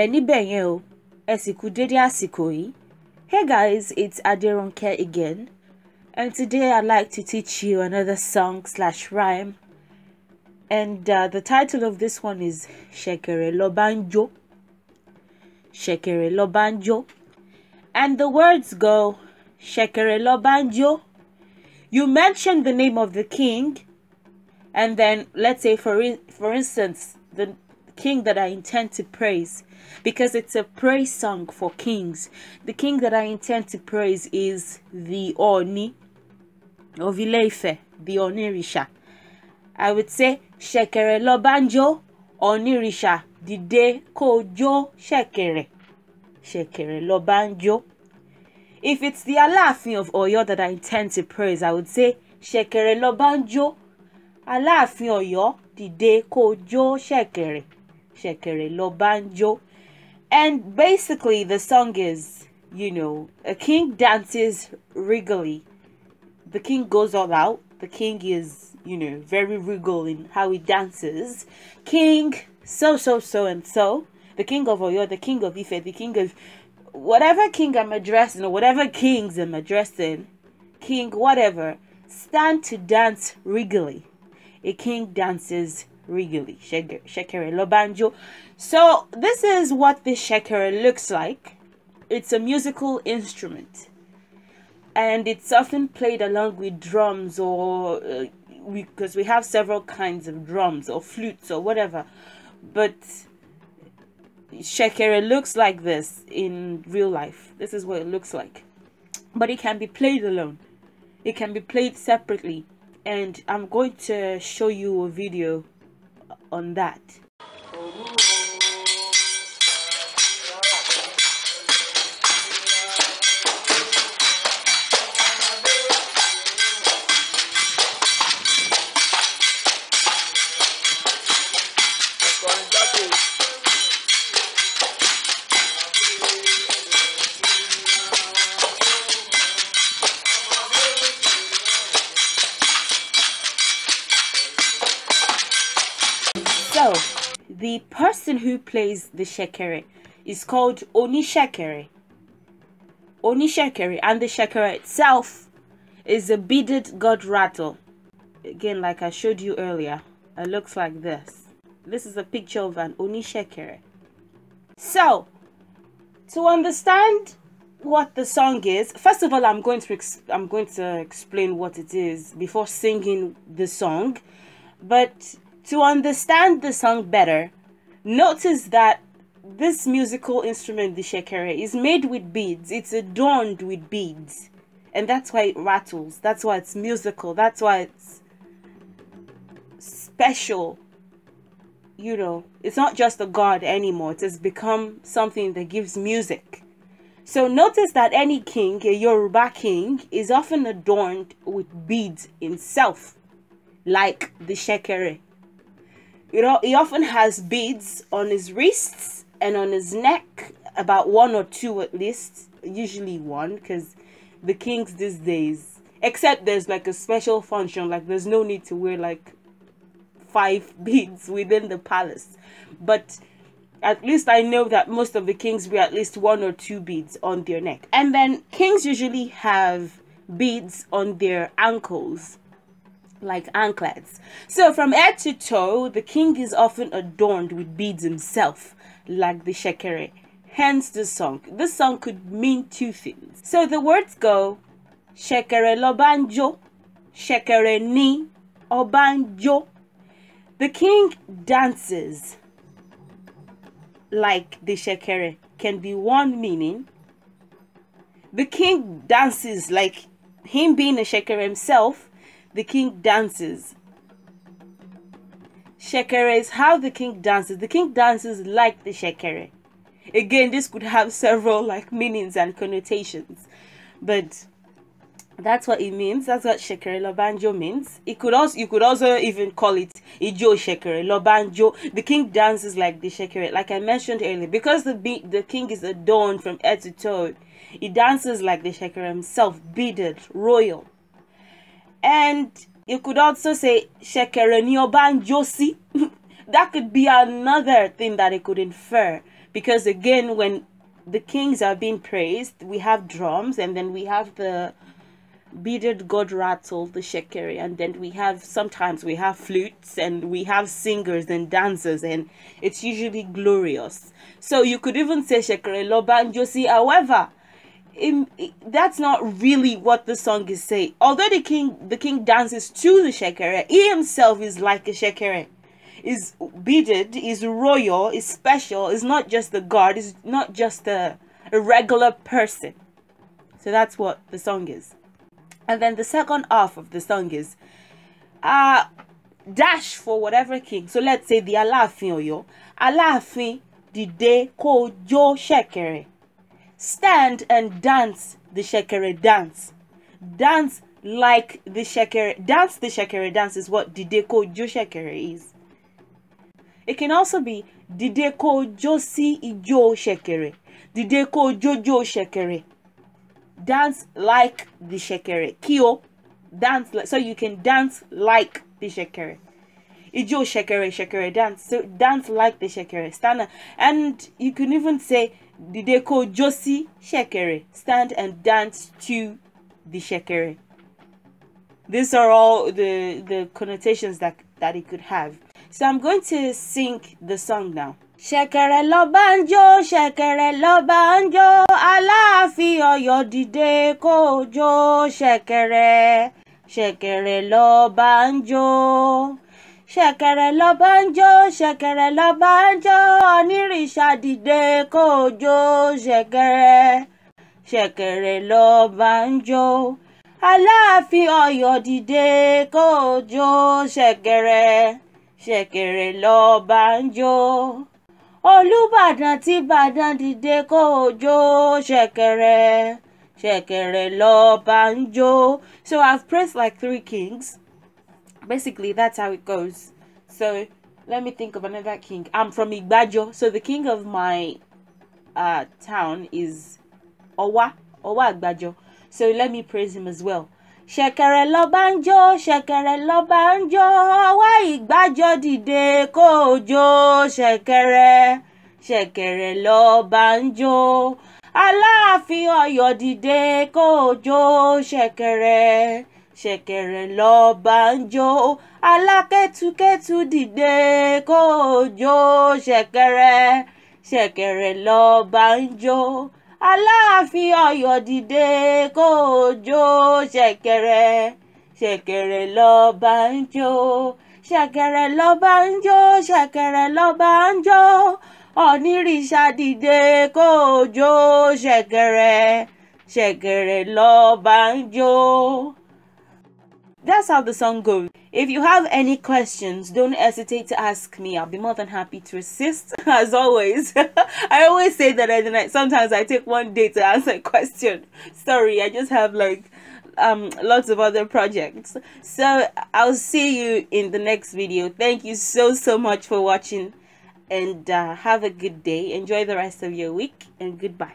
pẹ̀lẹ́ benyo, yẹn kú Hey guys, it's Adironke again, and today I'd like to teach you another song slash rhyme. And uh, the title of this one is Shekere Lobanjo. Shekere Lobanjo. And the words go Shekere Lobanjo. You mention the name of the king, and then let's say, for, in for instance, the king that I intend to praise because it's a praise song for kings. The king that I intend to praise is the Oni of Ileife, the Onirisha. I would say Shekere Lobanjo Onirisha Dide Kojo Shekere. Shekere Lobanjo. If it's the Alafi of Oyo that I intend to praise, I would say Shekere Lobanjo Alafi Oyo Dide Kojo Shekere. Shekere Lobanjo. And basically, the song is, you know, a king dances regally. The king goes all out. The king is, you know, very regal in how he dances. King so, so, so, and so. The king of Oyo, the king of Ife, the king of whatever king I'm addressing or whatever kings I'm addressing, king, whatever, stand to dance regally. A king dances regularly. Shekere Lobanjo. So this is what the shekere looks like. It's a musical instrument. And it's often played along with drums or... Uh, because we, we have several kinds of drums or flutes or whatever. But shekere looks like this in real life. This is what it looks like. But it can be played alone. It can be played separately and I'm going to show you a video on that So, the person who plays the shekere is called Onishekere. Onishekere, and the shekere itself is a beaded god rattle. Again, like I showed you earlier, it looks like this. This is a picture of an Onishekere. So, to understand what the song is, first of all, I'm going to I'm going to explain what it is before singing the song, but to understand the song better, notice that this musical instrument, the shekere, is made with beads. It's adorned with beads. And that's why it rattles. That's why it's musical. That's why it's special. You know, it's not just a god anymore. It has become something that gives music. So notice that any king, a Yoruba king, is often adorned with beads himself, like the shekere. He often has beads on his wrists and on his neck, about one or two at least, usually one, because the kings these days, except there's like a special function, like there's no need to wear like five beads within the palace. But at least I know that most of the kings wear at least one or two beads on their neck. And then kings usually have beads on their ankles like anklets. So from head to toe, the king is often adorned with beads himself, like the shekere. Hence the song. This song could mean two things. So the words go, shekere lobanjo, shekere ni obanjo. The king dances like the shekere can be one meaning. The king dances like him being a shekere himself the king dances. Shekere is how the king dances. The king dances like the shekere. Again, this could have several like meanings and connotations, but that's what it means. That's what shekere lobanjo means. It could also you could also even call it ijo shekere lobanjo. The king dances like the shekere, like I mentioned earlier, because the be- the king is adorned from head to toe. He dances like the shekere himself, beaded, royal. And you could also say Shekere Josi. that could be another thing that it could infer. Because again, when the kings are being praised, we have drums and then we have the beaded god rattle, the shekere, and then we have sometimes we have flutes and we have singers and dancers, and it's usually glorious. So you could even say shekere lobanjosi. However, it, it, that's not really what the song is saying. Although the king the king dances to the shekere, he himself is like a shekere. Is beaded, is royal, is special, is not just the god, is not just a, a regular person. So that's what the song is. And then the second half of the song is uh dash for whatever king. So let's say the Alaafin Oyo. the dìde kó jó Shekere. Stand and dance the shekere dance. Dance like the shekere. Dance the shekere dance is what dideko jo shekere is. It can also be dideko jo si ijo shekere. Dideko jojo shekere. Dance like the shekere. Kio. Dance like. So you can dance like the shekere. Ijo shekere shekere dance. So dance like the shekere. Stana. And you can even say dìde kó o jó sí stand and dance to the ṣẹ̀kẹ̀rẹ̀. These are all the, the connotations that, that it could have. So I'm going to sing the song now. ṣẹ̀kẹ̀rẹ̀ lọ́ba ń jó ṣẹ̀kẹ̀rẹ̀ lọ́ba ń jó aláàfin Ọ̀yọ́ dìde kó o jó ṣẹ̀kẹ̀rẹ̀ ṣẹ̀kẹ̀rẹ̀ lọba ń jó ṣẹ̀kẹ̀rẹ̀ lọba ń jó onírìṣà dìde kó o jó ṣẹ̀kẹ̀rẹ̀ ṣẹ̀kẹ̀rẹ̀ lọba ń jó aláàfin Ọ̀yọ́ dìde kó o jó ṣẹ̀kẹ̀rẹ̀ ṣẹ̀kẹ̀rẹ̀ lọba ń jó Olúbàdàn ti Bàdàn dìde kó o jó ṣẹ̀kẹ̀rẹ̀ ṣẹ̀kẹ̀rẹ̀ lọba ń jó so I've praised like three kings. basically that's how it goes so let me think of another king i'm from igbajo so the king of my uh town is owa owa igbajo so let me praise him as well Shekere ló banjo, shekere ló banjo. Owa jó ọwọ́ ìgbàjọ dìde kó o jó ló banjo. Allah fi aláàfin Ọ̀yọ́ dìde ṣẹ̀kẹ̀rẹ̀ l'Ọ́bánjọ alákẹ́tukẹ́tu dìde kó o jó ṣẹ̀kẹ̀rẹ̀ ṣẹ̀kẹ̀rẹ̀ l'Ọ́bánjọ aláàfin Ọ̀yọ́ dìde kó o jó ṣẹ̀kẹ̀rẹ̀ ṣẹ̀kẹ̀rẹ̀ l'Ọ́bánjọ ṣẹ̀kẹ̀rẹ̀ l'Ọ́bánjọ ṣẹ̀kẹ̀rẹ̀ l'Ọ́bánjọ onírìṣà dìde kó o jó ṣẹ̀kẹ̀rẹ̀ ṣẹ̀kẹ̀rẹ̀ l'Ọ́bánjọ. That's how the song goes. If you have any questions, don't hesitate to ask me. I'll be more than happy to assist, as always. I always say that I Sometimes I take one day to answer a question. Sorry, I just have like um lots of other projects so i'll see you in the next video thank you so so much for watching and uh, have a good day enjoy the rest of your week and goodbye